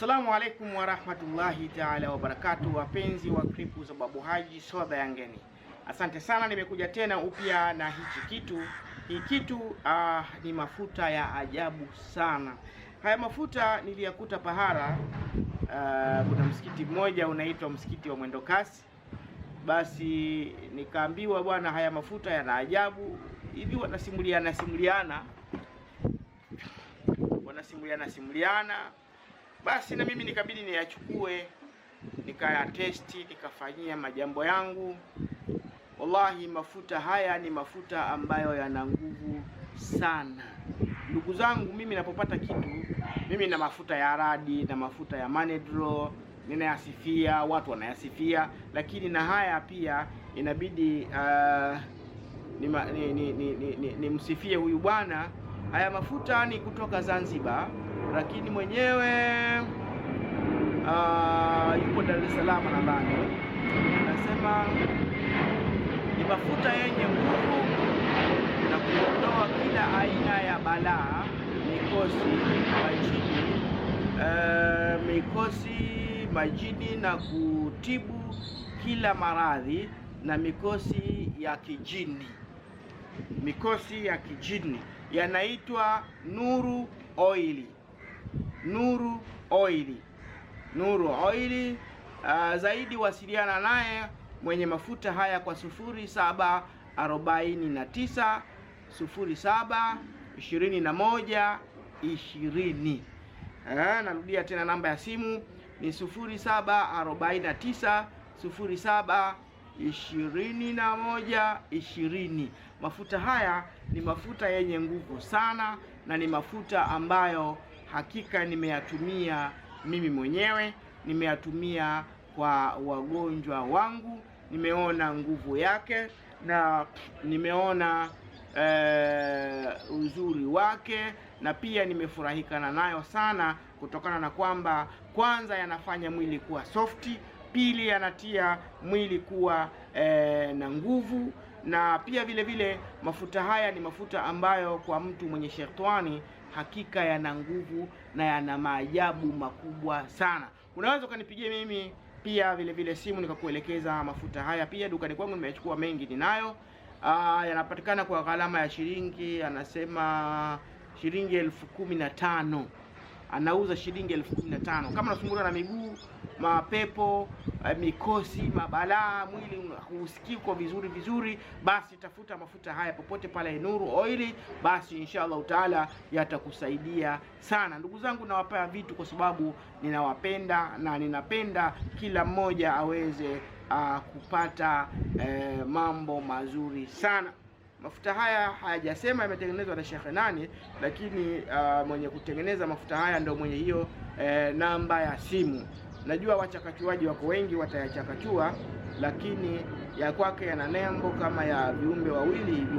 Assalamu alaikum warahmatullahi taala wabarakatu, wapenzi wa kripu za Babu Haji soda yangeni, asante sana. Nimekuja tena upya na hichi kitu. Hii kitu ah, ni mafuta ya ajabu sana. Haya mafuta niliyakuta Pahara. Ah, kuna msikiti mmoja unaitwa msikiti wa Mwendokasi. Basi nikaambiwa bwana, haya mafuta yana ajabu hivi, wanasimuliana simuliana, wanasimuliana simuliana basi na mimi nikabidi niyachukue nikayatesti nikafanyia majambo yangu. Wallahi, mafuta haya ni mafuta ambayo yana nguvu sana ndugu zangu. Mimi napopata kitu, mimi na mafuta ya radi na mafuta ya Manedro ninayasifia, watu wanayasifia, lakini na haya pia inabidi uh, ah, nimsifie ni, ni, ni, ni, ni huyu bwana. Haya mafuta ni kutoka Zanzibar lakini mwenyewe uh, yupo Dar es Salaam nadhani, anasema ni mafuta yenye nguvu na kuondoa kila aina ya balaa, mikosi majini, uh, mikosi majini na kutibu kila maradhi na mikosi ya kijini. Mikosi ya kijini yanaitwa Nuru Oili. Nuru Oili, Nuru Oili. Uh, ah, zaidi wasiliana naye mwenye mafuta haya kwa 0749 07 21 ishirini. Eh, narudia tena namba ya simu ni 0749 07 21 ishirini. Mafuta haya ni mafuta yenye nguvu sana na ni mafuta ambayo hakika nimeyatumia mimi mwenyewe, nimeyatumia kwa wagonjwa wangu, nimeona nguvu yake na nimeona e, uzuri wake na pia nimefurahikana nayo sana, kutokana na kwamba kwanza yanafanya mwili kuwa softi, pili yanatia mwili kuwa e, na nguvu na pia vile vile mafuta haya ni mafuta ambayo kwa mtu mwenye shetani hakika yana nguvu na yana maajabu makubwa sana. Unaweza ukanipigia mimi pia vile vile simu nikakuelekeza mafuta haya. Pia dukani kwangu nimechukua mengi ninayo. Ah, yanapatikana kwa gharama ya shilingi anasema shilingi elfu kumi na tano anauza shilingi elfu kumi na tano kama unasumbuliwa na miguu, mapepo, eh, mikosi, mabalaa, mwili husikii kwa vizuri vizuri, basi tafuta mafuta haya popote pale, Nuru Oili, basi insha allahu taala yatakusaidia sana. Ndugu zangu, nawapea vitu kwa sababu ninawapenda na ninapenda kila mmoja aweze uh, kupata uh, mambo mazuri sana. Mafuta haya hayajasema yametengenezwa na shekhe nani, lakini uh, mwenye kutengeneza mafuta haya ndio mwenye hiyo eh, namba ya simu. Najua wachakachuaji wako wengi, watayachakachua, lakini ya kwake yana nembo kama ya viumbe wawili hivi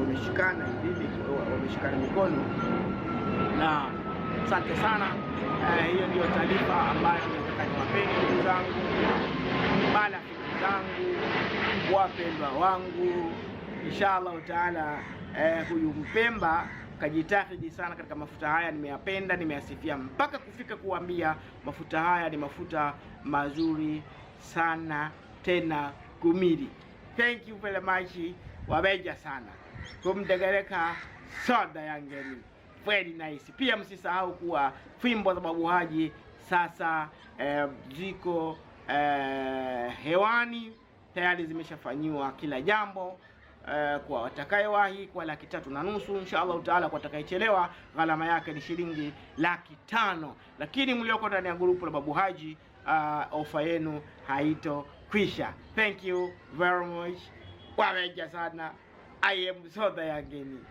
wameshikana hivi wameshikana mikono. Na asante sana. Eh, hiyo ndiyo taarifa ambayo nataka niwapeni ndugu zangu, marafiki zangu, wapendwa wangu insha allahu taala. Eh, huyu Mpemba kajitahidi sana katika mafuta haya, nimeyapenda nimeyasifia mpaka kufika kuambia mafuta haya ni mafuta mazuri sana tena gumili. Thank you very much, wabeja sana kumdegereka soda yangeni very nice. Pia msisahau kuwa fimbo za Babu Haji sasa eh, ziko eh, hewani tayari zimeshafanyiwa kila jambo. Eh, kwa watakayewahi kwa laki tatu na nusu insha Allahu taala. Kwa watakayechelewa gharama yake ni shilingi laki tano. Lakini mlioko ndani ya grupu la Babu Haji uh, ofa yenu haitokwisha. Thank you very much, wameja sana. I am so yangeni